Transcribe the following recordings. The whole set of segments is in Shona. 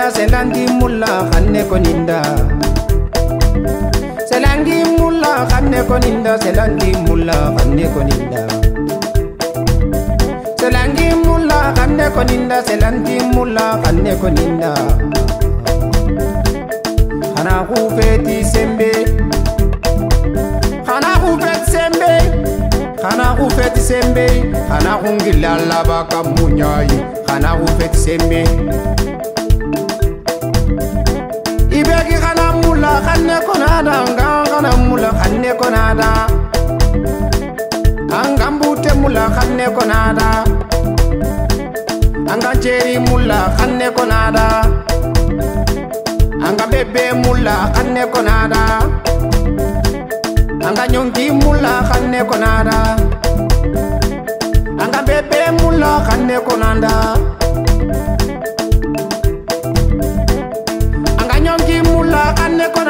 ninda selangi mula kane koninda selangi mula kane koninda selangi mula kane koninda selangi mula kane koninda selangi mula kane koninda kana kufeti sembe kana kufeti sembe kana kufeti sembe kana kungilala baka munyayi kana kufeti sembe. Khana xanne konada ngaxana mula xanne konada angambute mula xanne konada anga ceri mula xanne konada anga bebe mula xanne konada anga ñonki mula xanne konada anga bebe mula xanne konada anga ñonki mula xanne konada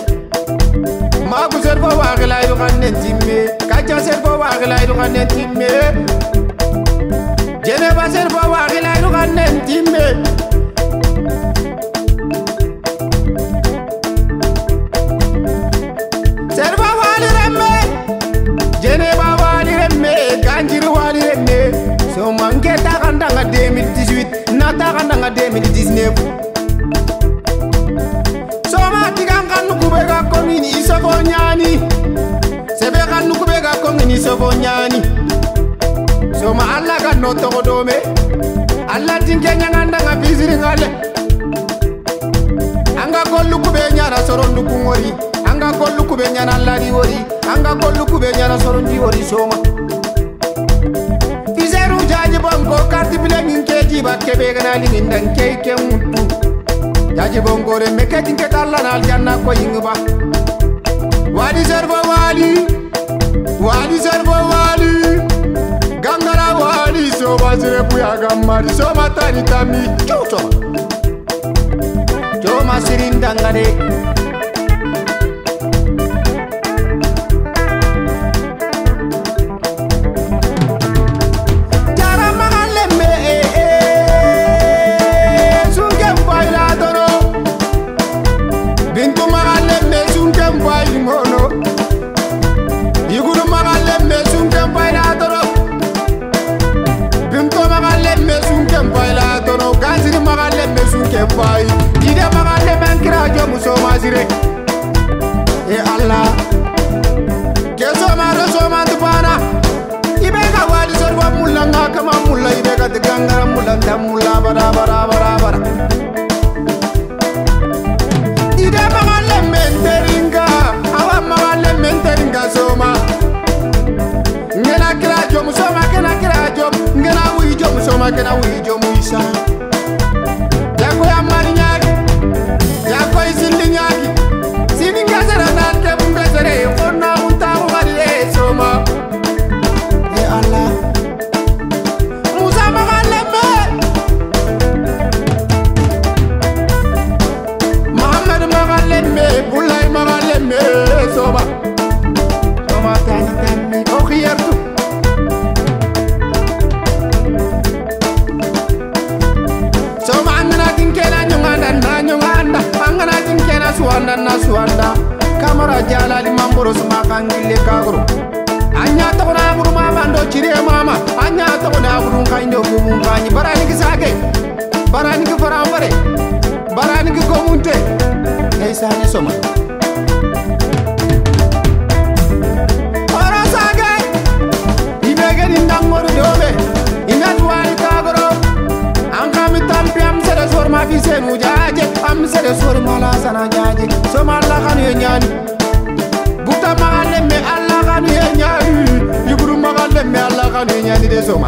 aku ser fo waxila yoxa ne timme kaca ser fo waxila yoxa ne timme jeneba ser fo waxila yoxa ne timme Soma nke ta kandanga 2018 na ta kandanga 2019. biso bonyani soma alaka notoko dome alatinkenyanga ndanga bisiringale anga koluku benyana soro ndukungori anga koluku benyana lari ori anga koluku benyana soro ndi ori soma fiserujaji bonko kartipilenginkeji bakebeganalinginda nkeike mutu jaji bonkore mekejinketallana aljanna koyingba wadi servo wali, servo wali wadiselbo wali gangara wali sobazirebuyaga mari sobatanitami coco comasirindangare so nasuwanda nasuwanda kamara jala limamboro suma kangile kagro anya tokona guru mama ndo chire mama anya tokona guru kaindo gumu kanyi barani kisake barani kifarambare barani kikomunte eisani soma Mafia sem mulher sele sori mala sana nyaani soma lakanu ye nyaani buta maga lemme alakanu ye nyaani yuguru maga lemme alakanu ye nyaani de soma.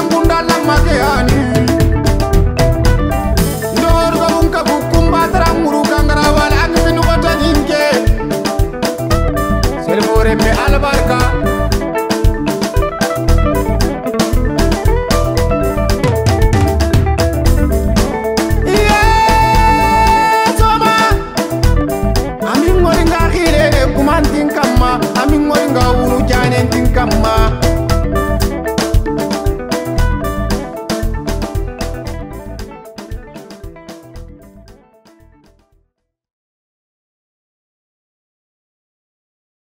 morning.